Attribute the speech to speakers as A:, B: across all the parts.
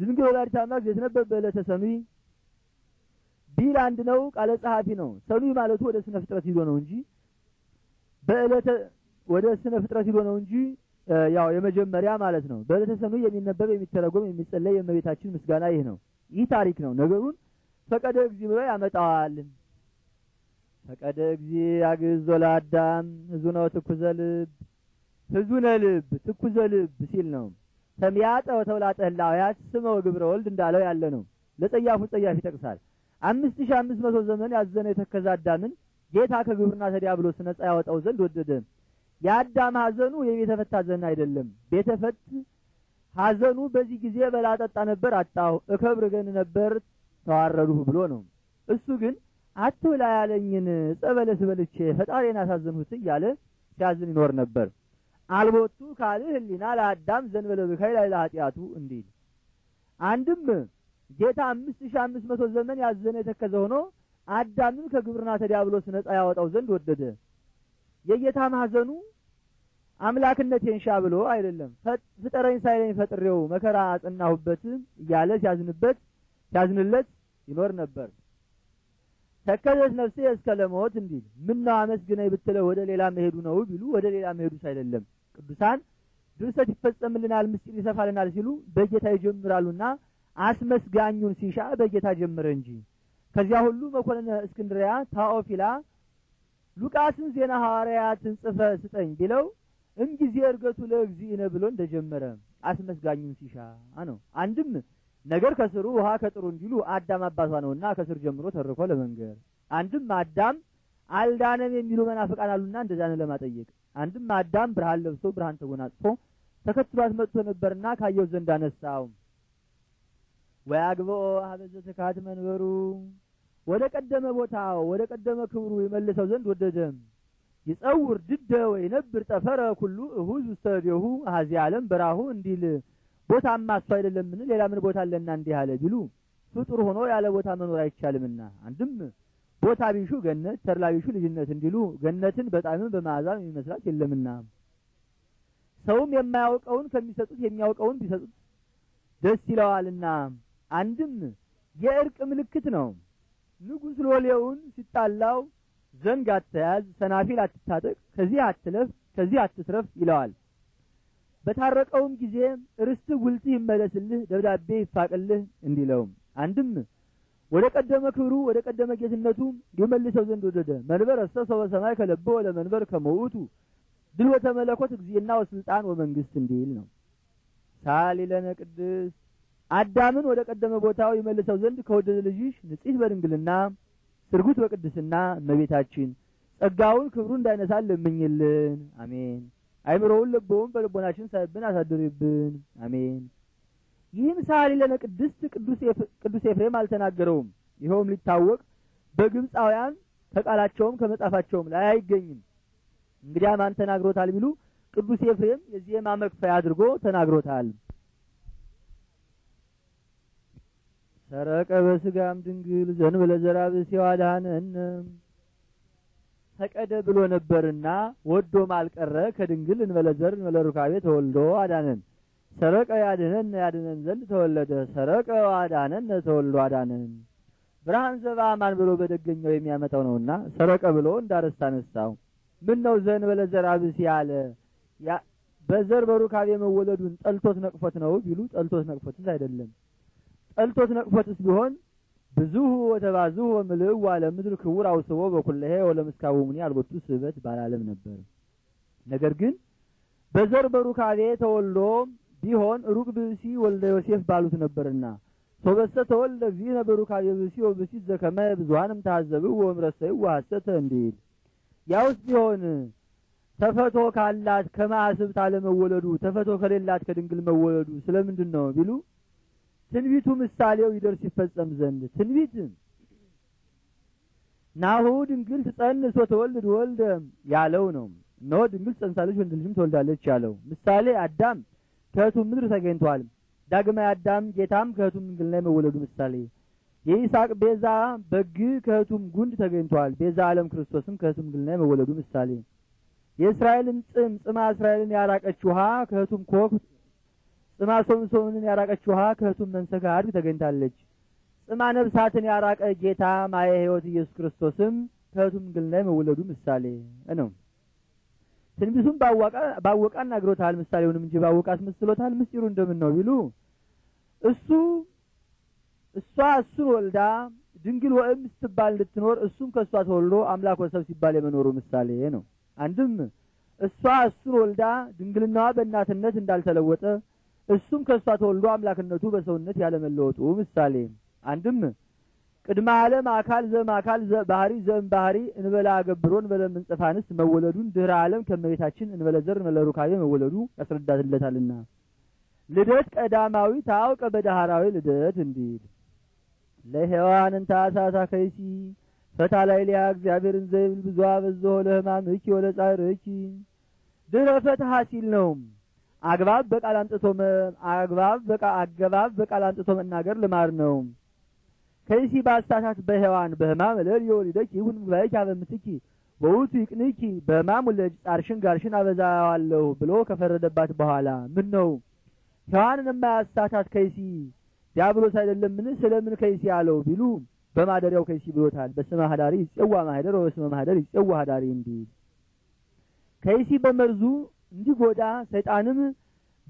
A: ድንግል ወላዲት አምላክ የት ነበር በዕለተ ሰኑይ ቢል አንድ ነው፣ ቃለ ጸሐፊ ነው። ሰኑይ ማለቱ ወደ ስነ ፍጥረት ሂዶ ነው እንጂ በዕለተ ወደ ስነ ፍጥረት ሂዶ ነው እንጂ ያው የመጀመሪያ ማለት ነው። በዕለተ ሰኑይ የሚነበብ የሚተረጎም፣ የሚጸለይ የእመቤታችን ምስጋና ይህ ነው። ይህ ታሪክ ነው። ነገሩን ፈቀደ እግዚ ብሎ ያመጣዋል። ፈቀደ እግዚ አግዞ ለአዳም ህዙ ነው ትኩዘ ልብ ህዙ ነ ልብ ትኩዘ ልብ ሲል ነው ሰሚያጠው ወተውላጠ ያስመው ግብረ ወልድ እንዳለው ያለ ነው። ለጸያፉ ጸያፍ ይጠቅሳል። አምስት ሺ አምስት መቶ ዘመን ያዘነ የተከዛ አዳምን ጌታ ከግብርና ተዲያብሎስ ነጻ ያወጣው ዘንድ ወደደ። የአዳም ሐዘኑ የቤተፈት ሐዘን አይደለም። ቤተፈት ሐዘኑ በዚህ ጊዜ በላ ጠጣ ነበር አጣሁ፣ እከብር ገን ነበር ተዋረዱሁ ብሎ ነው። እሱ ግን አትብላ ያለኝን ጸበለስ በልቼ ፈጣሪን አሳዘንሁት እያለ ሲያዝን ይኖር ነበር። አልቦቱ ካልህ ህሊና ለአዳም ዘንበለ ብካይ ላይ ለኃጢአቱ እንዲል አንድም ጌታ አምስት ሺ አምስት መቶ ዘመን ያዘነ የተከዘ ሆኖ አዳምን ከግብርና ተዲያብሎስ ነጻ ያወጣው ዘንድ ወደደ። የጌታ ማዘኑ አምላክነቴን ሻ ብሎ አይደለም ፍጠረኝ ሳይለኝ ፈጥሬው መከራ አጽናሁበት እያለ ሲያዝንበት ሲያዝንለት ይኖር ነበር። ተከዘት ነፍሴ እስከ ለሞት እንዲል ምነው አመስግነኝ ብትለው ወደ ሌላ መሄዱ ነው ቢሉ ወደ ሌላ መሄዱስ አይደለም ቅዱሳን ድርሰት ይፈጸምልናል፣ ምስጢር ይሰፋልናል ሲሉ በጌታ ይጀምራሉና አስመስጋኙን ሲሻ በጌታ ጀምረ እንጂ ከዚያ ሁሉ መኮንነ እስክንድሪያ ታኦፊላ ሉቃስን ዜና ሐዋርያትን ጽፈ ስጠኝ ቢለው እንጊዜ እርገቱ ለእግዚእነ ብሎ እንደጀመረ አስመስጋኙን ሲሻ ነው። አንድም ነገር ከስሩ ውሃ ከጥሩ እንዲሉ አዳም አባቷ ነውና ከስር ጀምሮ ተርኮ ለመንገር አንድም አዳም አልዳነም የሚሉ መናፍቃን አሉና እንደዛን ለማጠየቅ አንድም አዳም ብርሃን ለብሶ ብርሃን ተጎናጽፎ ተከትሏት መጥቶ ነበርና ካየው ዘንድ አነሳው። ወያግብኦ አበዘ ተካት መንበሩ ወደ ቀደመ ቦታው ወደ ቀደመ ክብሩ የመልሰው ዘንድ ወደደ። ይጸውር ድደ ነብር ጠፈረ ሁሉ እሁዝ ውስተ እዴሁ ዓለም በራሁ እንዲል ቦታማ እሱ አይደለምን ሌላ ምን ቦታ አለና እንዲህ አለ ቢሉ ፍጡር ሆኖ ያለ ቦታ መኖር አይቻልምና አንድም ቦታ ቢሹ ገነት ተድላ ቢሹ ልጅነት እንዲሉ ገነትን በጣምም በመዓዛም የሚመስላት የለምና ሰውም የማያውቀውን ከሚሰጡት የሚያውቀውን ቢሰጡት ደስ ይለዋልና አንድም የእርቅ ምልክት ነው። ንጉሥ ሎሌውን ሲጣላው ዘንግ አትያዝ፣ ሰናፊል አትታጠቅ፣ ከዚህ አትለፍ፣ ከዚህ አትስረፍ ይለዋል። በታረቀውም ጊዜ ርስትህ ውልትህ ይመለስልህ፣ ደብዳቤ ይፋቅልህ እንዲለው አንድም ወደ ቀደመ ክብሩ ወደ ቀደመ ጌትነቱ ይመልሰው ዘንድ ወደደ መንበር እሰ ሰወ ሰማይ ከለብወ ለመንበር ከመውቱ ድል ወተመለኮት እግዚእና ወስልጣን ወመንግስት እንዲል ነው። ለነ ቅድስት አዳምን ወደ ቀደመ ቦታው ይመልሰው ዘንድ ከወደደ ልጅሽ ንጽሕት በድንግልና ስርጉት በቅድስና እመቤታችን ጸጋውን ክብሩ እንዳይነሳል ለምኝልን። አሜን። አይምሮውን ልቦውን በልቦናችን ሳይብን አሳድርብን አሜን። ይህ ምሳሌ ለመቅድስት ቅዱስ ኤፍሬም አልተናገረውም። ይኸውም ሊታወቅ በግብፃውያን ከቃላቸውም ከመጻፋቸውም ላይ አይገኝም። እንግዲያ ማን ተናግሮታል ቢሉ ቅዱስ ኤፍሬም የዚህ ማመክፈያ አድርጎ ተናግሮታል። ሰረቀ በስጋም ድንግል ዘን ዘራብእሲ ወአድኀነነ ፈቀደ ብሎ ነበርና ወዶም አልቀረ ከድንግል እንበለዘር ዘር እንበለ ሩካቤ ተወልዶ አዳነን። ሰረቀ ያድነን ያድነን ዘንድ ተወለደ ሰረቀ አዳነን ተወልዶ አዳነን ብርሃን ማን ብሎ በደገኛው የሚያመጣው ነውና ሰረቀ ብሎ እንዳረስታ ነሳው። ምን ነው ዘን በለዘር አብስ ያለ በዘር በሩካቤ መወለዱን ጠልቶት ነቅፎት ነው ቢሉ ጠልቶት ነቅፎትስ አይደለም። ጠልቶት ነቅፎትስ ቢሆን ብዙሁ ወተባዙሁ ወምልእ ለምድር ክቡር አውስቦ በኩለሄ ወለምስካወሙኒ አልቦቱ ስበት ባላለም ነበር። ነገር ግን በዘር በሩካቤ ተወልዶ ቢሆን ሩቅ ብእሲ ወልደ ዮሴፍ ባሉት ነበርና ሶበሰ ተወልደ ዚነ በሩካቤ ብእሲ ወብእሲ ዘከመ ብዙሀንም ታዘብ ወምረሰዩ ዋሀሰተ እንዲል ያውስ ቢሆን ተፈቶ ካላት ከማዕስብት አለመወለዱ ተፈቶ ከሌላት ከድንግል መወለዱ ስለምንድን ነው ቢሉ ትንቢቱ ምሳሌው ይደርስ ይፈጸም ዘንድ ትንቢት ናሁ ድንግል ትጸንስ ወተወልድ ወልደ ያለው ነው። እነሆ ድንግል ትጸንሳለች ወንድ ልጅም ትወልዳለች ያለው ምሳሌ አዳም ከእህቱ ምድር ተገኝቷል። ዳግማዊ አዳም ጌታም ከእህቱ ላይ መወለዱ ምሳሌ የይስሐቅ ቤዛ በግ ከእህቱም ጉንድ ተገኝቷል። ቤዛ ዓለም ክርስቶስም ከእህቱ ላይ መወለዱ ምሳሌ የእስራኤልን ጽም ጽማ እስራኤልን ያራቀች ውሃ ከእህቱም ኮክ ጽማ ሶምሶምንን ያራቀች ውሃ ከእህቱም መንሰካ አድግ ተገኝታለች። ጽማ ነብሳትን ያራቀ ጌታ ማየ ሕይወት ኢየሱስ ክርስቶስም ከእህቱም ላይ መወለዱ ምሳሌ ነው። ትንቢቱን ባወቃ አናግሮታል፣ ምሳሌውንም እንጂ ባወቃ አስመስሎታል። ምስጢሩ እንደምን ነው ቢሉ እሱ እሷ እሱን ወልዳ ድንግል ወእም ስትባል እንድትኖር እሱም ከእሷ ተወልዶ አምላክ ወሰብ ሲባል የመኖሩ ምሳሌ ነው። አንድም እሷ እሱን ወልዳ ድንግልናዋ በእናትነት እንዳልተለወጠ እሱም ከእሷ ተወልዶ አምላክነቱ በሰውነት ያለመለወጡ ምሳሌ አንድም ቅድመ ዓለም አካል ዘም አካል ባህሪ ዘም ባህሪ እንበላ እንበለ ምንጽፋንስ መወለዱን ድህረ ዓለም ከመቤታችን እንበለ መለሩካቤ መወለዱ ያስረዳትለታልና ልደት ቀዳማዊ ታውቀ በዳህራዊ ልደት እንዲል ለሔዋን እንተ ከይሲ ፈታ ላይ ሊያ እግዚአብሔርን ዘይብል ብዙ በዝሆ ለህማም እኪ ወለጻር እኪ ድረ ፈትሃ ሲል ነው። አግባብ በቃል አንጥቶ አግባብ በቃ አገባብ በቃል አንጥቶ መናገር ልማር ነው። ከይሲ ባስታታት በሔዋን በህማም ለል የወሊደች ይሁን ምግባይች አበምትኪ በውቱ ይቅንኪ በህማም ወለጅ ጣርሽን ጋርሽን አበዛዋለሁ ብሎ ከፈረደባት በኋላ ምን ነው ሔዋንን የማያሳታት ከይሲ ዲያብሎስ ምን ስለምን ከይሲ አለው ቢሉ በማደሪያው ከይሲ ብሎታል። በስመ ሀዳሪ ይጽዋ ማህደር ወበስመ ማህደር ይጽዋ ሀዳሪ እንዲል ከይሲ በመርዙ እንዲጎዳ ሰይጣንም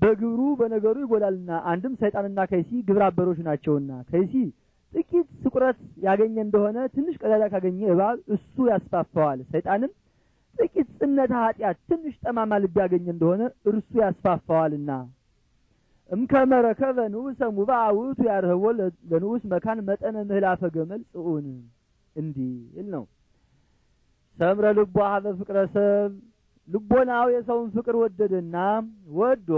A: በግብሩ በነገሩ ይጎዳልና አንድም ሰይጣንና ከይሲ ግብረ አበሮች ናቸውና ከይሲ ጥቂት ስቁረት ያገኘ እንደሆነ ትንሽ ቀዳዳ ካገኘ እባብ እሱ ያስፋፋዋል። ሰይጣንም ጥቂት ጽነተ ኃጢአት ትንሽ ጠማማ ልብ ያገኘ እንደሆነ እርሱ ያስፋፋዋልና እምከመረከበ ንዑሰ ሙባ አውቱ ያርህቦ ለንዑስ መካን መጠነ ምህላፈ ገመል ጽኡን እንዲል ነው። ሰምረ ልቦ ሀበ ፍቅረ ሰብ ልቦናው የሰውን ፍቅር ወደደና ወዶ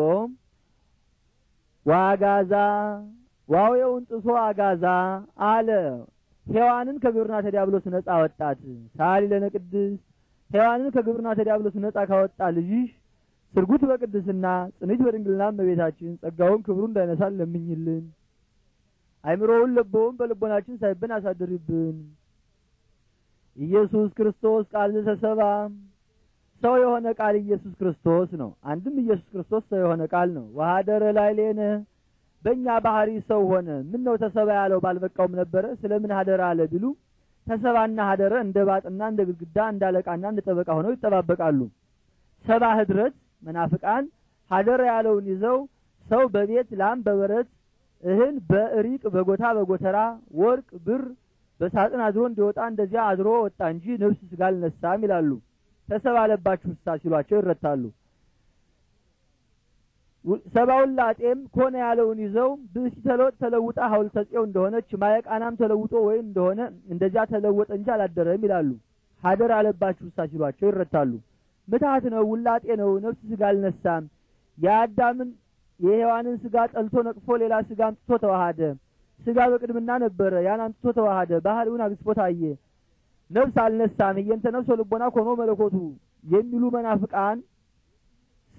A: ዋጋዛ ዋዌውን ጥሶ አጋዛ አለ ሔዋንን ከግብርና ተዲያብሎስ ነጻ ወጣት ሳሊ ለነ ሔዋንን ከግብርና ተዲያብሎስ ነጻ ካወጣ ልጅሽ ስርጉት በቅድስና ጽንጅ በድንግልና እመቤታችን ጸጋውን ክብሩ እንዳይነሳል ለምኝልን። አይምሮውን ለቦውን በልቦናችን ሳይብን አሳድሪብን። ኢየሱስ ክርስቶስ ቃል ዘተሰባ ሰው የሆነ ቃል ኢየሱስ ክርስቶስ ነው። አንድም ኢየሱስ ክርስቶስ ሰው የሆነ ቃል ነው። ወሀደረ ላዕሌነ በእኛ ባህሪ ሰው ሆነ። ምን ነው ተሰባ ያለው ባልበቃውም ነበረ። ስለምን ሀደረ አለ ቢሉ ተሰባና ሀደረ እንደ ባጥና እንደ ግድግዳ እንደ አለቃና እንደ ጠበቃ ሆነው ይጠባበቃሉ። ሰባ ህድረት መናፍቃን ሀደረ ያለውን ይዘው ሰው በቤት ላም በበረት እህል በእሪቅ በጎታ በጎተራ ወርቅ ብር በሳጥን አድሮ እንዲወጣ እንደዚያ አድሮ ወጣ እንጂ ነፍስ ስጋ አልነሳም ይላሉ። ተሰባ አለባችሁ ሲሏቸው ይረታሉ። ሰባውን ላጤም ኮነ ያለውን ይዘው ብእሲ ተለወጥ ተለውጣ ሀውል ጽዮን እንደሆነች ማየቃናም ተለውጦ ወይም እንደሆነ እንደዚያ ተለወጠ እንጂ አላደረም ይላሉ። ሀደር አለባችሁ እሳ ሲሏቸው ይረታሉ። ምታት ነው፣ ውላጤ ነው፣ ነፍስ ስጋ አልነሳም። የአዳምን የሔዋንን ስጋ ጠልቶ ነቅፎ ሌላ ስጋ አምጥቶ ተዋሃደ። ስጋ በቅድምና ነበረ፣ ያን አምጥቶ ተዋሃደ። ባህሪውን አግስፎ ታየ። ነፍስ አልነሳም፣ እየንተ ነፍሶ ልቦና ኮኖ መለኮቱ የሚሉ መናፍቃን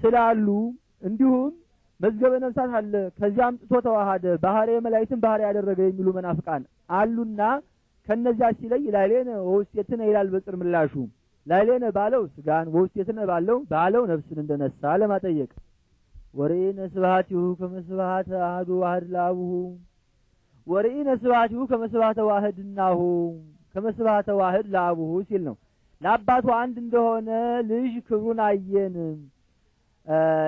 A: ስላሉ እንዲሁም መዝገበ ነፍሳት አለ። ከዚያ አምጥቶ ተዋሃደ ባህሪ መላይትን ባህሪ ያደረገ የሚሉ መናፍቃን አሉና ከነዚያ ሲለይ ላይሌነ ወውስቴትነ ይላል በጽር ምላሹ ላይሌነ ባለው ስጋን ወውስቴትነ ባለው ባለው ነፍስን እንደነሳ ለማጠየቅ ወርኢነ ስብሐቲሁ ከመ ስብሐተ አሐዱ ዋህድ ለአቡሁ ወርኢነ ስብሐቲሁ ከመ ስብሐተ እናሁ ከመ ስብሐተ ዋህድ ለአቡሁ ሲል ነው። ለአባቱ አንድ እንደሆነ ልጅ ክብሩን አየን።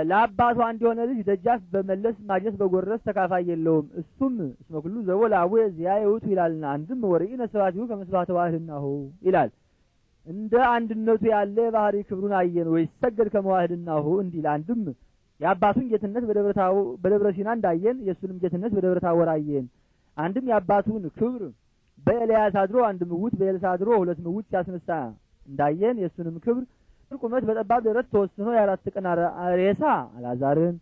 A: ለአባቷ እንዲሆነ ልጅ ደጃፍ በመለስ ማግኘት በጎረስ ተካፋይ የለውም። እሱም እስመ ኩሉ ዘቦ ለአቡየ እዚያ ይውቱ ይላልና አንድም ወርኢነ ስብሐቲሁ ከመ ስብሐተ ዋህድናሁ ይላል። እንደ አንድነቱ ያለ የባህሪ ክብሩን አየን ወይ ሰገድ ከመ ዋህድናሁ እንዲል አንድም የአባቱን ጌትነት በደብረ ሲና እንዳየን የእሱንም ጌትነት በደብረ ታቦር አየን። አንድም የአባቱን ክብር በኤልያስ አድሮ አንድ ምውት በኤልሳ አድሮ ሁለት ምውት ሲያስነሳ እንዳየን የእሱንም ክብር በአጭር ቁመት በጠባብ ደረት ተወስኖ የአራት ቀን ሬሳ አላዛርን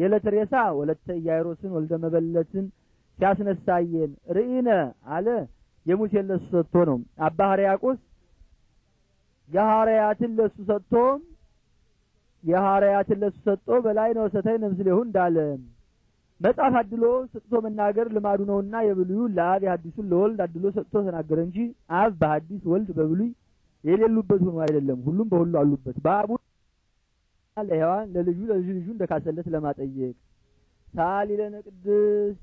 A: የዕለት ሬሳ ወለተ ኢያይሮስን ወልደ መበለትን ሲያስነሳየን ርኢነ አለ። የሙሴን ለሱ ሰጥቶ ነው አባ ሕርያቆስ የሐርያትን ለሱ ሰጥቶ የሐርያትን ለሱ ሰጥቶ በላይ ነው ሰተይ ነምስሌሁ እንዳለ መጽሐፍ አድሎ ሰጥቶ መናገር ልማዱ ነውና የብሉዩ ለአብ የሐዲሱን ለወልድ አድሎ ሰጥቶ ተናገረ እንጂ አብ በሐዲስ ወልድ በብሉይ የሌሉበት ሆኖ አይደለም፣ ሁሉም በሁሉ አሉበት። በአቡ ለሔዋን ለልጁ ለልጅ ልጁ እንደካሰለት ለማጠየቅ ሳል ይለነ ቅድስት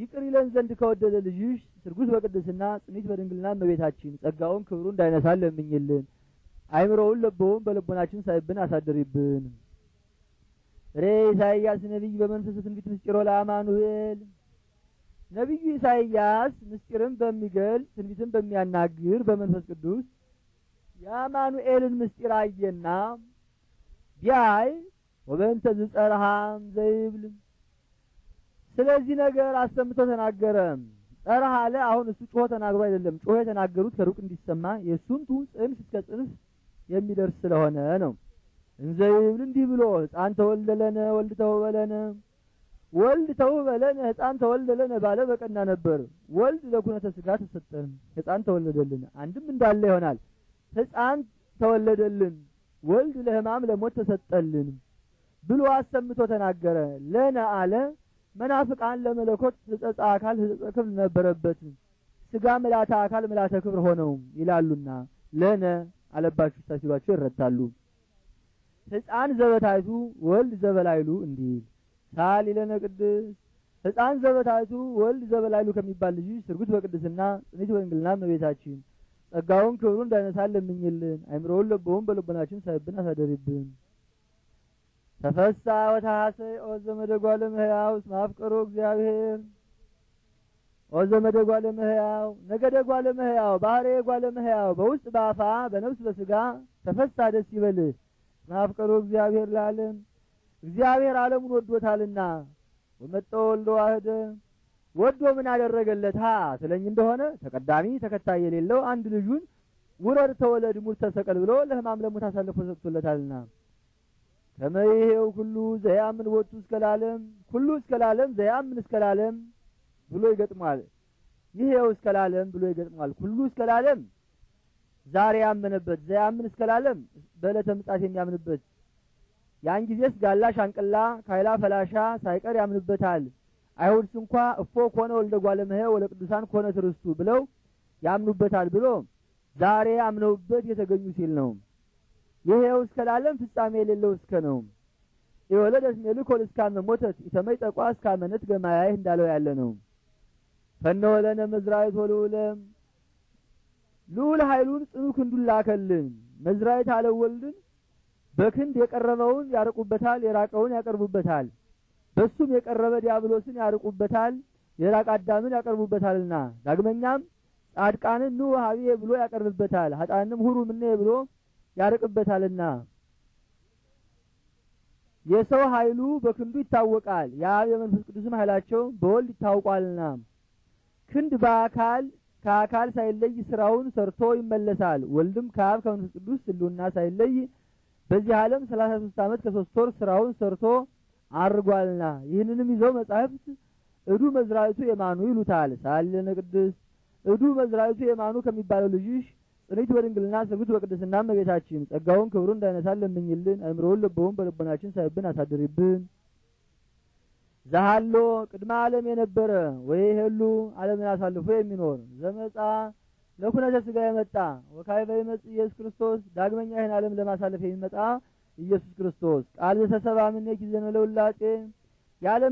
A: ይቅር ይለን ዘንድ ከወደደ ልጅሽ ትርጉስ በቅድስና ጽኒት በድንግልና እመቤታችን ጸጋውን ክብሩ እንዳይነሳል ለምኝልን። አይምሮውን ለቦውን በልቦናችን ሳይብን አሳድሪብን። ሬ ኢሳይያስ ነቢይ በመንፈስ ትንቢት ምስጢሮ ለአማኑኤል ነቢዩ ኢሳይያስ ምስጢርን በሚገልጽ ትንቢትን በሚያናግር በመንፈስ ቅዱስ የአማኑኤልን ምስጢር አየና ቢያይ ወበንተ ዝጸርሃም ዘይብል ስለዚህ ነገር አሰምቶ ተናገረ። ጸርሃ አለ። አሁን እሱ ጮሆ ተናግሮ አይደለም። ጮሆ የተናገሩት ከሩቅ እንዲሰማ የእሱንቱ ጽንፍ እስከ ጽንፍ የሚደርስ ስለሆነ ነው። እንዘይብል እንዲህ ብሎ ህፃን ተወልደለነ ወልድ ተውበለነ ወልድ ተውበለነ ህፃን ተወልደለነ ባለ በቀና ነበር። ወልድ ለኩነተ ስጋ ተሰጠን፣ ህፃን ተወለደልን አንድም እንዳለ ይሆናል። ሕፃን ተወለደልን፣ ወልድ ለሕማም ለሞት ተሰጠልን ብሎ አሰምቶ ተናገረ። ለነ አለ መናፍቃን ለመለኮት ሕጸጻ አካል ሕጸጸ ክብር ነበረበት ስጋ ምላተ አካል ምላተ ክብር ሆነውም ይላሉና ለነ አለባችሁ ታሲሏቸው ይረታሉ። ሕፃን ዘበታይቱ ወልድ ዘበላይሉ እንዲል ሳል ይለነ ቅድስ ሕፃን ዘበታይቱ ወልድ ዘበላይሉ ከሚባል ልጅ ስርጉት በቅድስና ጽኒት በድንግልና እመቤታችን ጸጋውን ክብሩ እንዳይነሳል ለምኝልን። አይምሮውን ለቦውን በልቦናችን ሳይብን አሳደሪብን። ተፈሳ ወታሐሰይ ኦዘ መደጓ ለምህያው እስመ እግዚአብሔር ኦዘ መደጓ ለምህያው ነገደጓ ለምህያው ባህሬ ጓ ለምህያው በውስጥ በአፋ በነብስ በስጋ ተፈሳ ደስ ይበል ስማፍቀሮ እግዚአብሔር ለዓለም እግዚአብሔር ዓለሙን ወዶታልና ወመጠወልዶ አህደ ወዶ ምን አደረገለት? ስለኝ እንደሆነ ተቀዳሚ ተከታይ የሌለው አንድ ልጁን ውረድ ተወለድ ሙት ተሰቀል ብሎ ለሕማም ለሞት አሳልፎ ሰጥቶለታልና ከመይሄው ሁሉ ዘያምን ወጡ እስከላለም ሁሉ እስከላለም ዘያምን እስከላለም ብሎ ይገጥሟል። ይሄው እስከላለም ብሎ ይገጥሟል። ሁሉ እስከላለም ዛሬ ያመነበት ዘያምን እስከላለም በዕለተ ምጽአት የሚያምንበት ያን ጊዜስ ጋላ ሻንቅላ ካይላ ፈላሻ ሳይቀር ያምንበታል። አይሁድ እንኳ እፎ ከሆነ ወልደ ጓለመሄ ወለ ቅዱሳን ከሆነ ትርስቱ ብለው ያምኑበታል ብሎ ዛሬ አምነውበት የተገኙ ሲል ነው። ይሄው እስከ ላለም ፍጻሜ የሌለው እስከ ነው። የወለደት ሜልኮ እስካመ ሞተት ኢተመይ ጠቋ እስካመነት ገማያይህ እንዳለው ያለ ነው። ወለነ መዝራይት ወልውለም ልዑል ኃይሉን ጽኑ ክንዱን ላከልን። አለወልድን በክንድ የቀረበውን ያርቁበታል፣ የራቀውን ያቀርቡበታል። በሱም የቀረበ ዲያብሎስን ያርቁበታል፣ የራቀ አዳምን ያቀርቡበታልና ዳግመኛም ጻድቃንን ኑ ሀብዬ ብሎ ያቀርብበታል፣ ሀጣንም ሁሩ ምኔ ብሎ ያርቅበታልና የሰው ኃይሉ በክንዱ ይታወቃል። የአብ የመንፈስ ቅዱስም ኃይላቸው በወልድ ይታውቋልና ክንድ በአካል ከአካል ሳይለይ ስራውን ሰርቶ ይመለሳል። ወልድም ከአብ ከመንፈስ ቅዱስ ሕልውና ሳይለይ በዚህ ዓለም ሰላሳ ሶስት ዓመት ከሶስት ወር ስራውን ሰርቶ አድርጓልና ይህንንም ይዘው መጻሕፍት እዱ መዝራእቱ የማኑ ይሉታል ሳልን ቅድስት እዱ መዝራእቱ የማኑ ከሚባለው ልጅሽ ጽንዕት በድንግልና ስርጉት በቅድስና እመቤታችን ጸጋውን ክብሩ እንዳይነሳ ለምኝልን። አእምሮውን ልቦውን በልቦናችን ሳይብን አሳድሪብን። ዛሃሎ ቅድመ ዓለም የነበረ ወይ ሄሉ ዓለምን አሳልፎ የሚኖር ዘመጻ ለኩነተ ስጋ የመጣ ወካዕበ ይመጽእ ኢየሱስ ክርስቶስ ዳግመኛ ይህን ዓለም ለማሳለፍ የሚመጣ ኢየሱስ ክርስቶስ ቃል ዘተሰባ ምኔ ጊዜነ ለውላጤ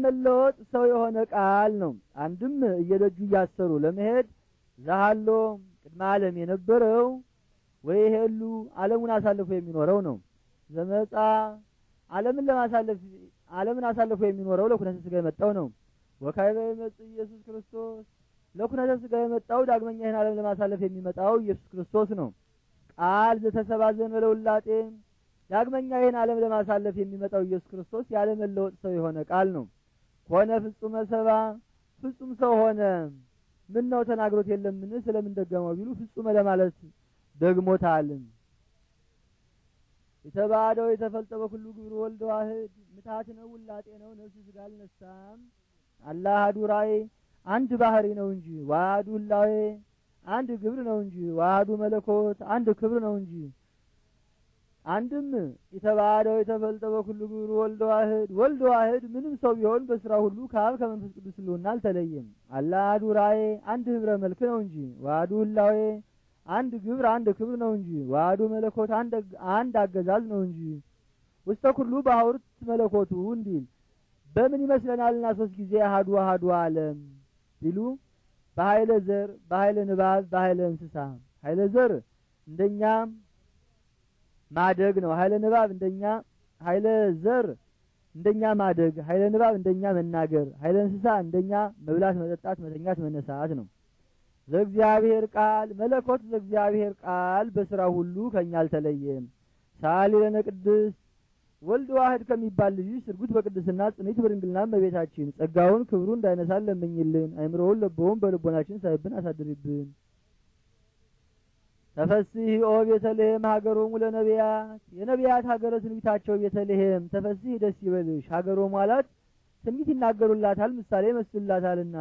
A: መለወጥ ሰው የሆነ ቃል ነው። አንድም እየደጁ እያሰሩ ለመሄድ ዛሃሎ ቅድመ ዓለም የነበረው ወይ ሄሉ ዓለሙን አሳልፎ የሚኖረው ነው። ዘመጻ ዓለምን ለማሳለፍ ዓለምን አሳልፎ የሚኖረው ለኩነተ ስጋ የመጣው ነው። ወካይበ የመጽ ኢየሱስ ክርስቶስ ለኩነተ ስጋ የመጣው ዳግመኛ ይህን ዓለም ለማሳለፍ የሚመጣው ኢየሱስ ክርስቶስ ነው። ቃል ዘተሰባ ዘን በለውላጤ ዳግመኛ ይህን ዓለም ለማሳለፍ የሚመጣው ኢየሱስ ክርስቶስ ያለመለወጥ ሰው የሆነ ቃል ነው። ሆነ ፍጹመ ሰባ ፍጹም ሰው ሆነ። ምን ነው ተናግሮት የለምን? ስለምን ደገመው ቢሉ ፍጹመ ለማለት ደግሞታል። የተባደው የተፈልጠ በኩሉ ግብር ወልደ ዋህድ ምታት ነው ውላጤ ነው ነፍስ ስጋ አልነሳም። አላህ አዱራይ አንድ ባህሪ ነው እንጂ ዋህዱ ላዌ አንድ ግብር ነው እንጂ ዋህዱ መለኮት አንድ ክብር ነው እንጂ አንድም የተባለው የተፈልጠ በኩሉ ግብሩ ወልደ ዋህድ ወልደ ዋህድ ምንም ሰው ቢሆን በስራ ሁሉ ከአብ ከመንፈስ ቅዱስ ሕልውና አልተለየም። አላ አሐዱ ራእየ አንድ ህብረ መልክ ነው እንጂ ዋዱ ህላዌ አንድ ግብር አንድ ክብር ነው እንጂ ዋዱ መለኮት አንድ አገዛዝ ነው እንጂ ውስተ ኩሉ በአውርት መለኮቱ እንዲል በምን ይመስለናልና ሶስት ጊዜ አህዱ አህዱ አለም ቢሉ በኃይለ ዘር፣ በኃይለ ንባብ፣ በኃይለ እንስሳ ኃይለ ዘር እንደኛም ማደግ ነው። ኃይለ ንባብ እንደኛ ኃይለ ዘር እንደኛ ማደግ፣ ኃይለ ንባብ እንደኛ መናገር፣ ኃይለ እንስሳ እንደኛ መብላት፣ መጠጣት፣ መተኛት፣ መነሳት ነው። ዘእግዚአብሔር ቃል መለኮት ዘእግዚአብሔር ቃል በስራ ሁሉ ከኛ አልተለየም። ሳሊ ለነ ቅድስት ወልድ ዋህድ ከሚባል ልጅ ስርጉት በቅድስና ጽኒት በድንግልና እመቤታችን ጸጋውን ክብሩ እንዳይነሳን ለምኝልን። አይምሮውን ለቦውን በልቦናችን ሳይብን አሳድሪብን። ተፈስህ ኦ ቤተልሔም ሀገሮሙ ለነቢያት የነቢያት ሀገረ ትንቢታቸው ቤተልሔም ተፈስህ ደስ ይበልሽ። ሀገሮሙ አላት ትንቢት ይናገሩላታል፣ ምሳሌ ይመስሉላታልና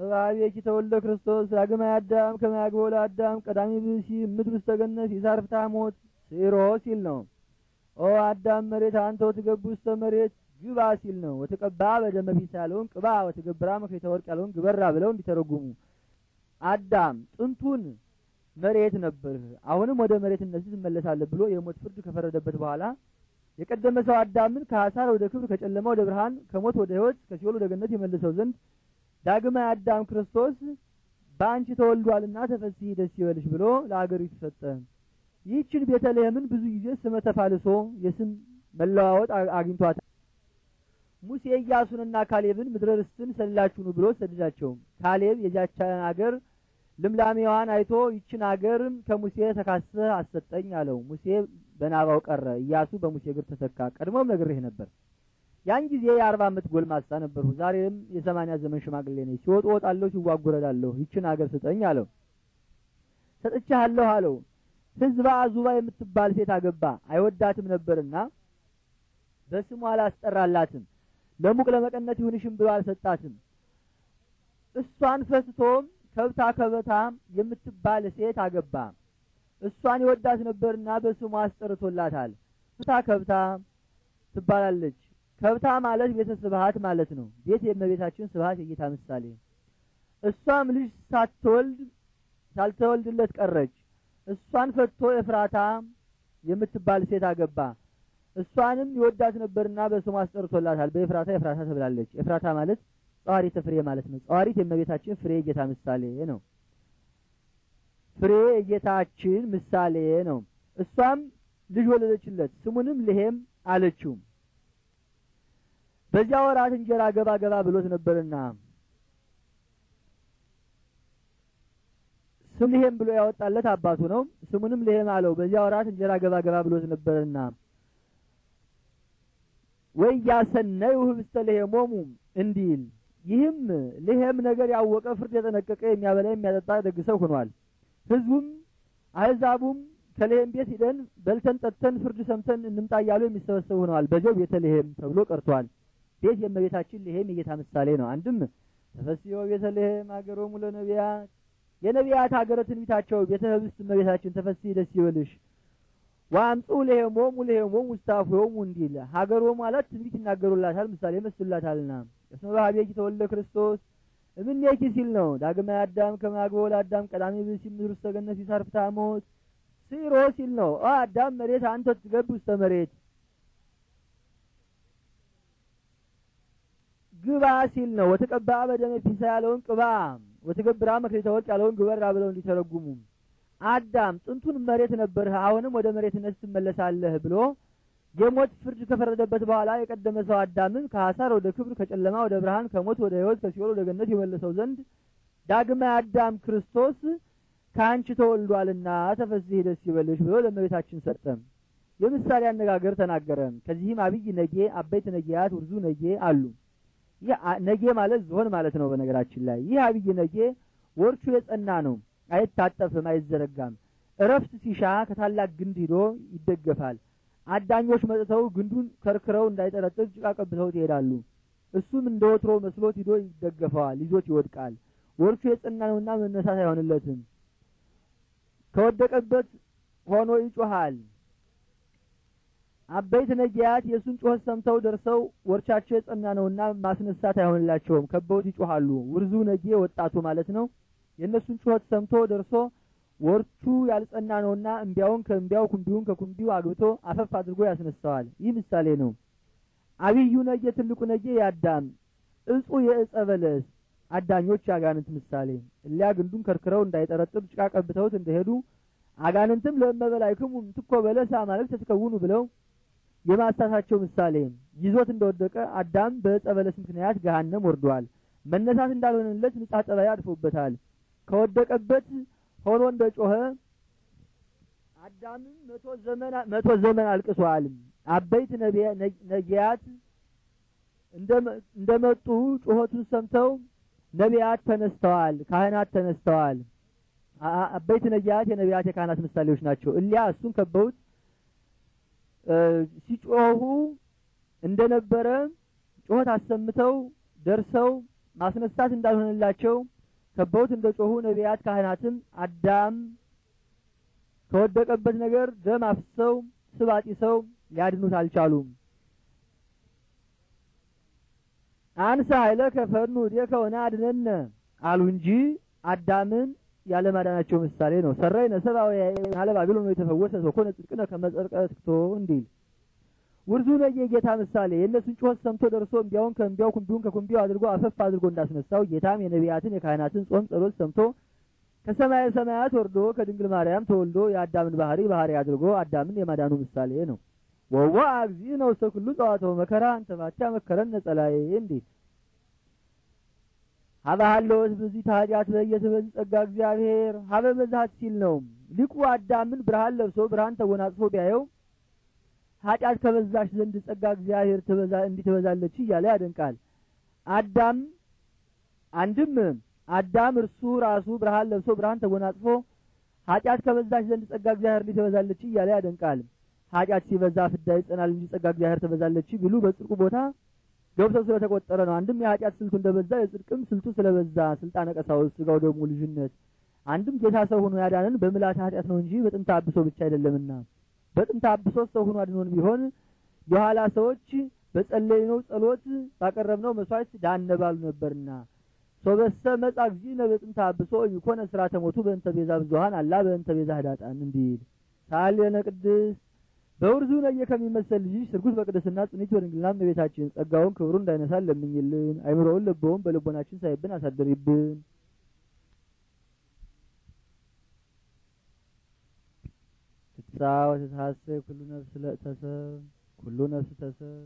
A: ሰባቤኪ ተወልደ ክርስቶስ ዳግማይ አዳም ከማያግበው ለአዳም ቀዳሚ ብሲ ምድር ውስጥ ተገነት ይዛር ሞት ሲሮ ሲል ነው። ኦ አዳም መሬት አንተ ወትገቡ ውስተ መሬት ግባ ሲል ነው። ወትቀባ በደመ ቢስ ያለውን ቅባ ወትገብራ መክሌተ ወርቅ ያለውን ግበራ ብለው እንዲተረጉሙ አዳም ጥንቱን መሬት ነበር። አሁንም ወደ መሬት እነዚህ ትመለሳለህ ብሎ የሞት ፍርድ ከፈረደበት በኋላ የቀደመ ሰው አዳምን ከሐሳር ወደ ክብር፣ ከጨለማ ወደ ብርሃን፣ ከሞት ወደ ህይወት ከሲኦል ወደ ገነት የመለሰው ዘንድ ዳግማዊ አዳም ክርስቶስ በአንቺ ተወልዷልና ተፈሥሒ ደስ ይበልሽ ብሎ ለአገሪቱ ሰጠ። ይህችን ቤተልሔምን ብዙ ጊዜ ስመ ተፋልሶ የስም መለዋወጥ አግኝቷታል። ሙሴ ኢያሱንና ካሌብን ምድረ ርስትን ሰልላችሁኑ ብሎ ሰደዳቸው። ካሌብ የዚያች አገር ልምላሜዋን አይቶ ይችን አገርም ከሙሴ ተካስሰህ አሰጠኝ አለው። ሙሴ በናባው ቀረ፣ እያሱ በሙሴ እግር ተተካ። ቀድሞም ነግሬህ ነበር። ያን ጊዜ የአርባ ዓመት ጎልማሳ ነበርሁ። ዛሬም የሰማንያ ዘመን ሽማግሌ ነኝ። ሲወጡ ወጣለሁ፣ ሲዋጉረዳለሁ። ይችን አገር ስጠኝ አለው። ሰጥቻለሁ አለው። ህዝባ አዙባ የምትባል ሴት አገባ። አይወዳትም ነበርና በስሙ አላስጠራላትም። ለሙቅ ለመቀነት ይሁንሽም ብሎ አልሰጣትም። እሷን ፈስቶም ከብታ ከበታ የምትባል ሴት አገባ። እሷን የወዳት ነበርና በስሙ አስጠርቶላታል። ፍታ ከብታ ትባላለች። ከብታ ማለት ቤተ ማለት ነው። ቤት የእመቤታችን ስብሀት የጌታ ምሳሌ። እሷም ልጅ ሳትወልድ ሳልተወልድለት ቀረች። እሷን ፈቶ ኤፍራታ የምትባል ሴት አገባ። እሷንም የወዳት ነበርና በስሙ አስጠርቶላታል። በኤፍራታ ኤፍራታ ትብላለች። ኤፍራታ ማለት ጸዋሪተ ፍሬ ማለት ነው። ጸዋሪት የእመቤታችን ፍሬ የጌታ ምሳሌ ነው። ፍሬ የጌታችን ምሳሌ ነው። እሷም ልጅ ወለደችለት ስሙንም ልሄም አለችው። በዚያ ወራት እንጀራ ገባ ገባ ብሎት ነበርና ስም ልሄም ብሎ ያወጣለት አባቱ ነው። ስሙንም ልሄም አለው። በዚያ ወራት እንጀራ ገባ ገባ ብሎት ነበርና ወይ ያሰነዩ ህብስተ ልሄሞሙ እንዲል ይህም ልሄም ነገር ያወቀ ፍርድ የጠነቀቀ የሚያበላ የሚያጠጣ ደግሰው ሆኗል። ህዝቡም አህዛቡም ከልሄም ቤት ሂደን በልተን ጠጥተን ፍርድ ሰምተን እንምጣ እያሉ የሚሰበሰቡ ሆነዋል። በዚያው ቤተ ልሄም ተብሎ ቀርቷል። ቤት የእመቤታችን ልሄም የጌታ ምሳሌ ነው። አንድም ተፈስዮ ቤተ ልሄም ሙለ ነቢያት የነቢያት ሀገረ ትንቢታቸው ቤተ ህብስት እመቤታችን ተፈስሒ ደስ ይበልሽ ዋምጡ ልሄሞሙ ልሄሞሙ ውስታፍሆሙ እንዲል ሀገሮ ማለት ትንቢት ይናገሩላታል፣ ምሳሌ መስላታልና እስመ ባህቤኪ ተወልደ ክርስቶስ እምኔኪ ሲል ነው። ዳግማ አዳም ከማግቦ ለአዳም ቀዳሚ ብእሲ ምድር ውስተ ገነት ይሳርፍ ታሞት ሲሮ ሲል ነው። አዳም መሬት አንተ ትገብ ውስተ መሬት ግባ ሲል ነው። ወተቀባ በደመ ፒሳ ያለውን ቅባ፣ ወተገብራ መክሊተ ወርቅ ያለውን ግበራ ብለው እንዲተረጉሙ አዳም ጥንቱን መሬት ነበርህ፣ አሁንም ወደ መሬትነት ትመለሳለህ ብሎ የሞት ፍርድ ከፈረደበት በኋላ የቀደመ ሰው አዳምን ከሀሳር ወደ ክብር ከጨለማ ወደ ብርሃን ከሞት ወደ ህይወት ከሲኦል ወደ ገነት የመለሰው ዘንድ ዳግማ አዳም ክርስቶስ ከአንቺ ተወልዷልና ተፈሥሒ ደስ ይበልሽ ብሎ ለመቤታችን ሰጠም የምሳሌ አነጋገር ተናገረ። ከዚህም አብይ ነጌ፣ አበይት ነጌያት፣ ውርዙ ነጌ አሉ። ነጌ ማለት ዝሆን ማለት ነው። በነገራችን ላይ ይህ አብይ ነጌ ወርቹ የጸና ነው። አይታጠፍም፣ አይዘረጋም። እረፍት ሲሻ ከታላቅ ግንድ ሂዶ ይደገፋል። አዳኞች መጥተው ግንዱን ከርክረው እንዳይጠረጥር ጭቃ ቀብተውት ይሄዳሉ። እሱም እንደ ወትሮ መስሎት ሂዶ ይደገፈዋል፣ ይዞት ይወድቃል። ወርቹ የጽና ነውና መነሳት አይሆንለትም። ከወደቀበት ሆኖ ይጮሃል። አበይት ነጊያት የእሱን ጩኸት ሰምተው ደርሰው ወርቻቸው የጸና ነውና ማስነሳት አይሆንላቸውም። ከበውት ይጮሃሉ። ውርዙ ነጌ ወጣቱ ማለት ነው። የእነሱን ጩኸት ሰምቶ ደርሶ ወርቹ ያልጸና ነውና እምቢያውን ከእምቢያው ኩንቢውን ከኩንቢው አግብቶ አፈፍ አድርጎ ያስነሳዋል። ይህ ምሳሌ ነው። አብዩ ነጌ ትልቁ ነጌ የአዳም እጹ የእጸ በለስ አዳኞች አጋንንት ምሳሌ እሊያ ግንዱን ከርክረው እንዳይጠረጥር ጭቃ ቀብተውት እንደሄዱ አጋንንትም ለመበላይክሙ ምትኮ በለሳ ማለት ተትከውኑ ብለው የማሳታቸው ምሳሌ ይዞት እንደወደቀ አዳም በእጸ በለስ ምክንያት ገሃነም ወርዷል። መነሳት እንዳልሆነለት ንጻ ጸባይ አድፎበታል። ከወደቀበት ሆኖ እንደ ጮኸ አዳምም መቶ ዘመን አልቅሷል። አበይት ነቢያት እንደ መጡ ጩኸቱን ሰምተው ነቢያት ተነስተዋል፣ ካህናት ተነስተዋል። አበይት ነቢያት የነቢያት የካህናት ምሳሌዎች ናቸው። እሊያ እሱን ከበውት ሲጮሁ እንደነበረ ጩኸት አሰምተው ደርሰው ማስነሳት እንዳልሆነላቸው ከበውት እንደ ጮኹ ነቢያት ካህናትም አዳም ከወደቀበት ነገር ደም አፍሰው ስብ አጢሰው ሊያድኑት አልቻሉም። አንሳ ኃይለ ከፈኑ ዴ ከሆነ አድነነ አሉ እንጂ አዳምን ያለማዳናቸው ምሳሌ ነው። ሰራይ ነሰባዊ አለባቢሎ ነው የተፈወሰ ሰኮነ ጽድቅነ ከመጸርቀ ትክቶ እንዲል ውርዙ ነው የጌታ ምሳሌ የእነሱን ጩኸት ሰምቶ ደርሶ እንቢያውን ከእንቢያው ኩምቢውን ከኩምቢው አድርጎ አፈፍ አድርጎ እንዳስነሳው ጌታም የነቢያትን የካህናትን ጾም ጸሎት ሰምቶ ከሰማየ ሰማያት ወርዶ ከድንግል ማርያም ተወልዶ የአዳምን ባህሪ ባህሪ አድርጎ አዳምን የማዳኑ ምሳሌ ነው። ወዋ አብዚ ነው ሰው ሁሉ ጸዋተው መከራ አንተ መከረን ነጸላይ እንዴት ሀባሃለወት በዚህ ታዲያት በየት ጸጋ እግዚአብሔር ሀበ መዛት ሲል ነው ሊቁ አዳምን ብርሃን ለብሶ ብርሃን ተጎናጽፎ ቢያየው ኃጢአት ተበዛሽ ዘንድ ጸጋ እግዚአብሔር ተበዛ እንዲህ ትበዛለች እያለ ያደንቃል። አዳም አንድም አዳም እርሱ ራሱ ብርሃን ለብሶ ብርሃን ተጎናጽፎ ኃጢአት ከበዛሽ ዘንድ ጸጋ እግዚአብሔር እንዲህ ትበዛለች እያለ ያደንቃል። ኃጢአት ሲበዛ ፍዳ ይጸናል እንጂ ጸጋ እግዚአብሔር ትበዛለች ቢሉ በጽድቁ ቦታ ገብተው ስለተቆጠረ ነው። አንድም የኃጢአት ስልቱ እንደበዛ የጽድቅም ስልቱ ስለበዛ ስልጣነ ቀሳውስት፣ ሥጋው ደግሞ ልጅነት አንድም ጌታ ሰው ሆኖ ያዳንን በምልአተ ኃጢአት ነው እንጂ በጥንተ አብሶ ብቻ አይደለምና በጥንተ አብሶ ሰው ሆኖ አድኖን ቢሆን የኋላ ሰዎች በጸለይነው ጸሎት ባቀረብነው መስዋዕት ዳነ ነበርና ሶበሰ መጻ ጊዜ በጥንተ አብሶ ይኮነ ስራ ተሞቱ በእንተ ቤዛ ብዙሃን አላ በእንተ ቤዛ ህዳጣን እንዲል ሳሌነ ቅድስት በውርዙ ነየ ከሚመሰል ልጅ ስርጉት በቅድስና ጽንት በድንግልናም እመቤታችን ጸጋውን ክብሩን እንዳይነሳል ለምኝልን። አይምሮውን ልቦውን በልቦናችን ሳይብን አሳድሪብን። ትንሳ ወትታሰብ ኩሉ ነፍስ ተሰብ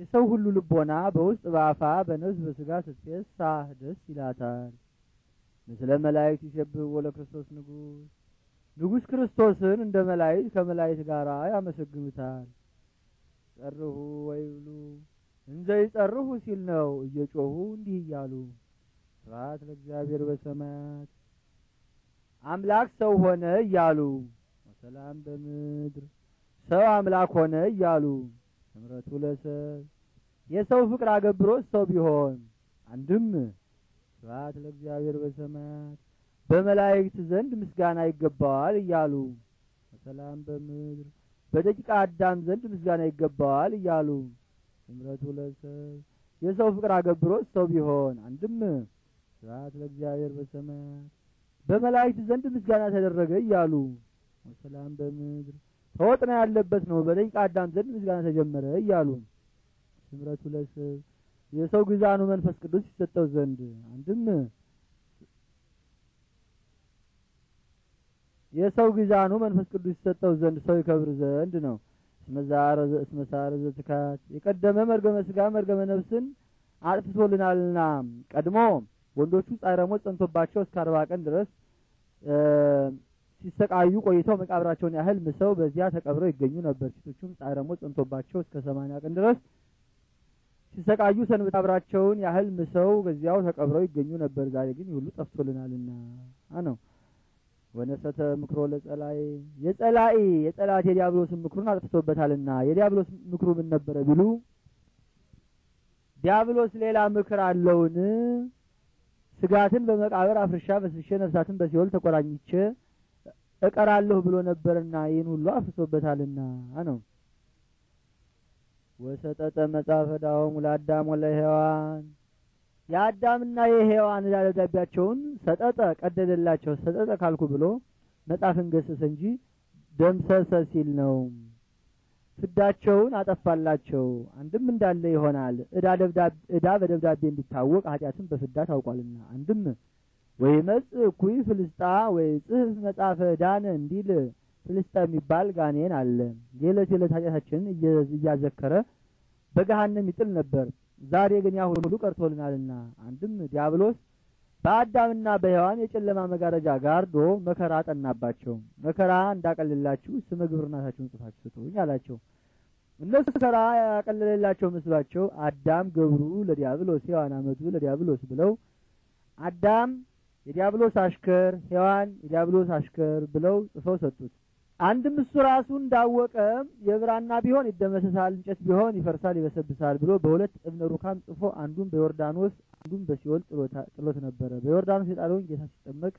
A: የሰው ሁሉ ልቦና በውስጥ በአፋ በነፍስ በስጋ ስትፌሳ ደስ ይላታል። ምስለ መላእክት ይሴብሕዎ ለክርስቶስ ንጉሥ ንጉሥ ክርስቶስን እንደ መላእክት ከመላእክት ጋር ያመሰግኑታል። ጸርሁ ወይብሉ እንዘ ይጸርሁ ሲል ነው እየጮሁ እንዲህ እያሉ ስብሐት ለእግዚአብሔር በሰማያት አምላክ ሰው ሆነ እያሉ ሰላም በምድር ሰው አምላክ ሆነ እያሉ እምረቱ ለሰብ የሰው ፍቅር አገብሮት ሰው ቢሆን አንድም ስብሐት ለእግዚአብሔር በሰማያት በመላእክት ዘንድ ምስጋና ይገባዋል እያሉ ሰላም በምድር በደቂቀ አዳም ዘንድ ምስጋና ይገባዋል እያሉ እምረቱ ለሰብ የሰው ፍቅር አገብሮት ሰው ቢሆን አንድም ስብሐት ለእግዚአብሔር በሰማያት በመላእክት ዘንድ ምስጋና ተደረገ እያሉ ወሰላም በምድር ተወጥና ያለበት ነው በደቂቀ አዳም ዘንድ ምስጋና ተጀመረ እያሉ ስምረቱ ለስብ የሰው ግዛኑ መንፈስ ቅዱስ ይሰጠው ዘንድ አንድም የሰው ግዛኑ መንፈስ ቅዱስ ይሰጠው ዘንድ ሰው ይከብር ዘንድ ነው። እስመዛረ ዘትካት የቀደመ መርገመ ስጋ መርገመ ነፍስን አጥፍቶልናልና ቀድሞ ወንዶቹ ጻረሞ ጸንቶባቸው እስከ አርባ ቀን ድረስ ሲሰቃዩ ቆይተው መቃብራቸውን ያህል ምሰው በዚያ ተቀብረው ይገኙ ነበር። ሴቶቹም ጻረሞ ጽንቶባቸው እስከ ሰማንያ ቀን ድረስ ሲሰቃዩ ሰን መቃብራቸውን ያህል ምሰው በዚያው ተቀብረው ይገኙ ነበር። ዛሬ ግን ሁሉ ጠፍቶልናልና አነው ወነሰተ ምክሮ ለጸላይ የጸላኢ የጸላት የዲያብሎስን ምክሩን አጥፍቶበታልና የዲያብሎስ ምክሩ ምን ነበረ ቢሉ ዲያብሎስ ሌላ ምክር አለውን? ስጋትን በመቃብር አፍርሻ በስሼ ነፍሳትን በሲኦል ተቆራኝቼ እቀራለሁ ብሎ ነበርና ይህን ሁሉ አፍሶበታልና ነው ወሰጠጠ መጽሐፈ ዳሆሙ ለአዳም ወለሔዋን የአዳምና የሔዋን ደብዳቤያቸውን ሰጠጠ ቀደደላቸው ሰጠጠ ካልኩ ብሎ መጽሐፍን ገሰሰ እንጂ ደምሰሰ ሲል ነው ፍዳቸውን አጠፋላቸው አንድም እንዳለ ይሆናል እዳ በደብዳቤ እንዲታወቅ ኃጢአትን በፍዳ ታውቋልና አንድም ወይመጽእ ኩይ ፍልስጣ ወይ ጽህፍ መጻፈ ዳነ እንዲል ፍልስጣ የሚባል ጋኔን አለ። የዕለት የዕለት ኃጢአታችንን እያዘከረ በገሃነም ይጥል ነበር። ዛሬ ግን ያሁን ሁሉ ቀርቶልናልና አንድም ዲያብሎስ በአዳምና በሔዋን የጨለማ መጋረጃ ጋርዶ መከራ ጠናባቸው። መከራ እንዳቀልላችሁ ስመ ግብርናታችሁን ጽፋችሁ ስጡኝ አላቸው። እነሱ መከራ ያቀለለላቸው መስሏቸው አዳም ገብሩ ለዲያብሎስ ሔዋን አመቱ ለዲያብሎስ ብለው አዳም የዲያብሎስ አሽከር ሔዋን የዲያብሎስ አሽከር ብለው ጽፈው ሰጡት። አንድም እሱ ራሱ እንዳወቀ የብራና ቢሆን ይደመሰሳል፣ እንጨት ቢሆን ይፈርሳል፣ ይበሰብሳል ብሎ በሁለት እብነ ሩካም ጽፎ አንዱን በዮርዳኖስ አንዱን በሲኦል ጥሎት ነበረ። በዮርዳኖስ የጣለውን ጌታ ሲጠመቅ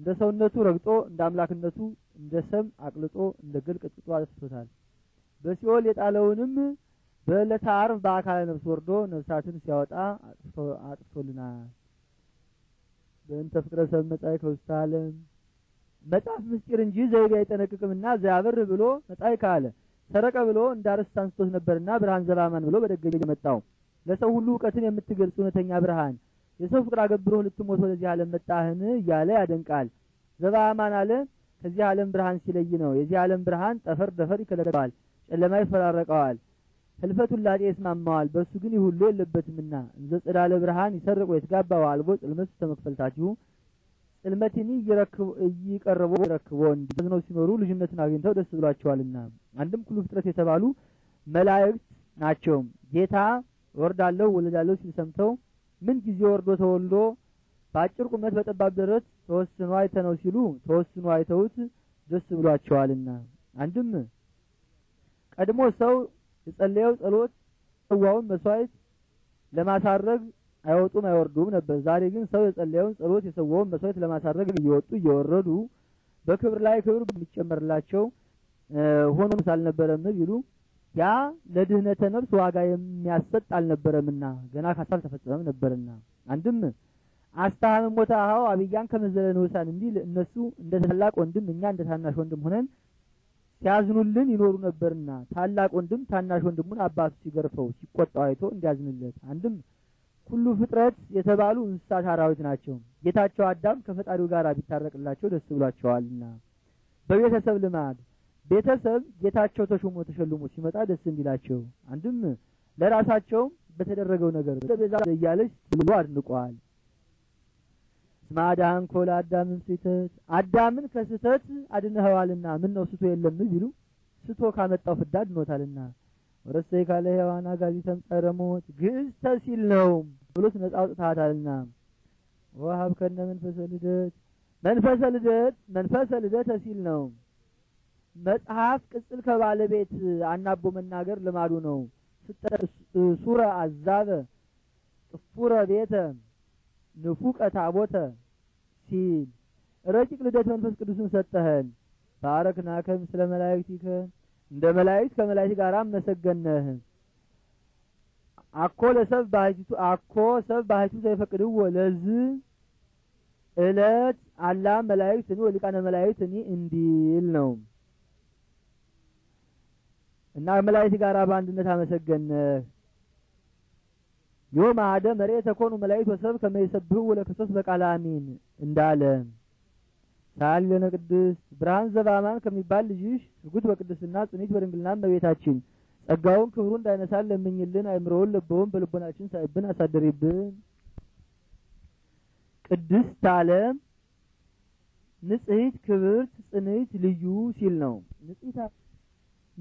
A: እንደ ሰውነቱ ረግጦ እንደ አምላክነቱ እንደ ሰም አቅልጦ እንደ ገል ቀጥቅጦ አጥፍቶታል። በሲኦል የጣለውንም በዕለተ ዓርብ በአካለ ነፍስ ወርዶ ነፍሳትን ሲያወጣ አጥፍቶልናል። በእንተ ፍቅረ ሰብ መጻይከ ውስተ ዓለም መጽሐፍ ምስጢር እንጂ ዘይቤ አይጠነቅቅምና ዘያብር ብሎ መጻይከ ካለ ሰረቀ ብሎ እንዳርስት አንስቶት ነበርና ብርሃን ዘባማን ብሎ በደገ መጣው። ለሰው ሁሉ እውቀትን የምትገልጽ እውነተኛ ብርሃን የሰው ፍቅር አገብሮህ ልትሞት ወደዚህ ዓለም መጣህን እያለ ያደንቃል። ዘባማን አለ ከዚህ ዓለም ብርሃን ሲለይ ነው። የዚህ ዓለም ብርሃን ጠፈር ደፈር ይከለክለዋል፣ ጨለማ ይፈራረቀዋል። ህልፈቱን ላጤ ይስማማዋል፣ በእሱ ግን ይሁሉ የለበትምና። እንዘ ጽዳለ ብርሃን ይሰርቆ ወይትጋባ አልቦ ጽልመት ተመክፈልታችሁ ጽልመትን እይቀርቦ ይረክቦ እንዲዝነው ሲኖሩ ልጅነትን አግኝተው ደስ ብሏቸዋልና። አንድም ኩሉ ፍጥረት የተባሉ መላእክት ናቸው። ጌታ ወርዳለሁ ወለዳለሁ ሲል ሰምተው ምን ጊዜ ወርዶ ተወልዶ በአጭር ቁመት በጠባብ ደረት ተወስኖ ነው ሲሉ ተወስኖ አይተውት ደስ ብሏቸዋልና። አንድም ቀድሞ ሰው የጸለየው ጸሎት ሰዋውን መስዋዕት ለማሳረግ አይወጡም አይወርዱም ነበር። ዛሬ ግን ሰው የጸለየውን ጸሎት የሰዋውን መስዋዕት ለማሳረግ እየወጡ እየወረዱ በክብር ላይ ክብር የሚጨመርላቸው ሆኖም አልነበረም ቢሉ ያ ለድህነተ ነፍስ ዋጋ የሚያሰጥ አልነበረምና ገና ካሳል አልተፈጸመም ነበርና አንድም አስተሃም ሞታ አሃው አብያን ከመዘለ ንዑሳን እንዲል እነሱ እንደ ታላቅ ወንድም እኛ እንደ ታናሽ ወንድም ሆነን ሲያዝኑልን ይኖሩ ነበርና ታላቅ ወንድም ታናሽ ወንድሙን አባቱ ሲገርፈው ሲቆጣው አይቶ እንዲያዝንለት አንድም ሁሉ ፍጥረት የተባሉ እንስሳት አራዊት ናቸው። ጌታቸው አዳም ከፈጣሪው ጋር ቢታረቅላቸው ደስ ብሏቸዋልና በቤተሰብ ልማድ ቤተሰብ ጌታቸው ተሾሞ ተሸልሞ ሲመጣ ደስ እንዲላቸው አንድም ለራሳቸውም በተደረገው ነገር ለቤዛ እያለች ብሎ አድንቋል። ማዳንኮ አዳምን ስህተት አዳምን ከስህተት አድነኸዋልና ምን ነው ስቶ የለም ቢሉ ስቶ ካመጣው ፍዳ አድኖታልና ወረሰይ ካለ ሔዋና ጋዜተም ጸረ ሞት ግዝተ ሲል ነው ብሎት ነጻ አውጥታታልና ወሀብ ከነ መንፈሰ ልደት መንፈሰ ልደት መንፈሰ ልደት ሲል ነው መጽሐፍ ቅጽል ከባለቤት አናቦ መናገር ልማዱ ነው ሱረ አዛበ ጥፉረ ቤተ ንፉቀ ታቦተ ሲል ረቂቅ ልደት መንፈስ ቅዱስን ሰጠኸን። ባረክናከም ስለ መላእክቲከ እንደ መላእክት ከመላእክት ጋር አመሰገነህ። አኮ ለሰብ ባህቲቱ አኮ ሰብ ባህቲቱ ዘይፈቅድዎ ለዝ እለት አላ መላእክት ነው ወሊቃነ መላእክት እኔ እንዲል ነው እና መላእክት ጋር በአንድነት አመሰገነህ። ዮም አደ መሬ ተኮኑ መላእክት ወሰብ ከመይሰብሁ ለክርስቶስ በቃለ አሚን እንዳለ ሳል ለቅድስት ብርሃን ዘባማን ከሚባል ልጅሽ ስርጉት በቅድስና ጽኒት በድንግልና እመቤታችን ጸጋውን ክብሩ እንዳይነሳል ለምኝልን። አይምሮውን ልቦውን በልቦናችን ሳይብን አሳደሪብን ቅድስት አለ ንጽሕት ክብርት ጽንት ልዩ ሲል ነው።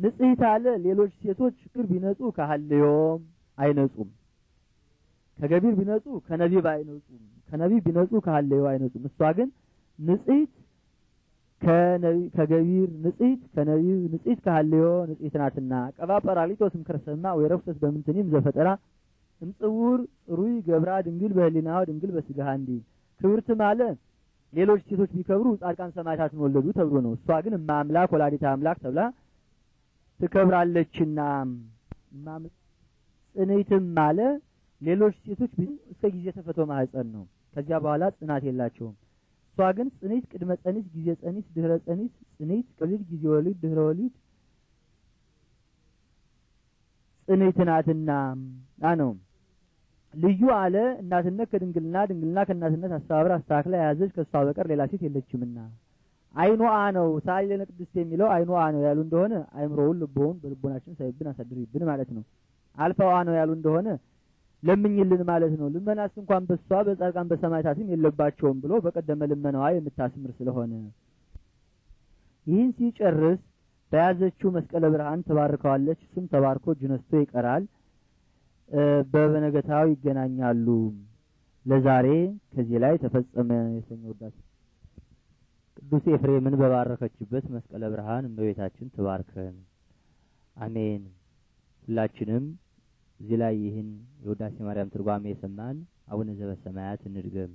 A: ንጽሕት አለ ሌሎች ሴቶች ችግር ቢነጹ ካህልዮም አይነጹም። ከገቢር ቢነጹ ከነቢብ አይነጹም። ከነቢብ ቢነጹ ከሀሌው አይነጹም። እሷ ግን ንጽሕት ከገቢር ንጽሕት ከነቢብ ንጽሕት ከሀሌዮ ንጽሕት ናትና ቀባ ጰራቅሊጦስም ክርስትና ወይ ረፍሰት በምንትኒም ዘፈጠራ እምጽውር ሩይ ገብራ ድንግል በህሊናው ድንግል በስጋሃ እንዲ ክብርት ማለ ሌሎች ሴቶች ቢከብሩ ጻድቃን ሰማዕታትን ወለዱ ተብሎ ነው። እሷ ግን እማምላክ ወላዲተ አምላክ ተብላ ትከብራለችና ማምላክ ጽንይትም ማለ ሌሎች ሴቶች እስከ ጊዜ ተፈቶ ማህፀን ነው። ከዚያ በኋላ ጽናት የላቸውም። እሷ ግን ጽኒት፣ ቅድመ ጸኒት፣ ጊዜ ጸኒት፣ ድህረ ጸኒት፣ ጽኒት፣ ወሊድ፣ ጊዜ ወሊድ፣ ድህረ ወሊድ ጽኒት ናትና ነው ልዩ አለ። እናትነት ከድንግልና ድንግልና ከእናትነት አስተባብር አስተካክላ የያዘች ከእሷ በቀር ሌላ ሴት የለችምና አይኑ አ ነው ሳሌነ ቅድስት የሚለው አይኑ አ ነው ያሉ እንደሆነ አይምሮውን ልቦውን በልቦናችን ሳይብን አሳድርብን ማለት ነው። አልፋው አ ነው ያሉ እንደሆነ ለምኝልን ማለት ነው። ልመናስ እንኳን በሷ በጻድቃን በሰማዕታትም የለባቸውም ብሎ በቀደመ ልመናዋ የምታስምር ስለሆነ ይህን ሲጨርስ በያዘችው መስቀለ ብርሃን ተባርከዋለች። እሱም ተባርኮ ጅነስቶ ነስቶ ይቀራል። በበነገታው ይገናኛሉ። ለዛሬ ከዚህ ላይ ተፈጸመ። የሰኞ ወዳት ቅዱስ ኤፍሬምን በባረከችበት መስቀለ ብርሃን እመቤታችን ትባርከን። አሜን። ሁላችንም እዚህ ላይ ይህን የውዳሴ ማርያም ትርጓሜ የሰማን አቡነ ዘበሰማያት እንድገም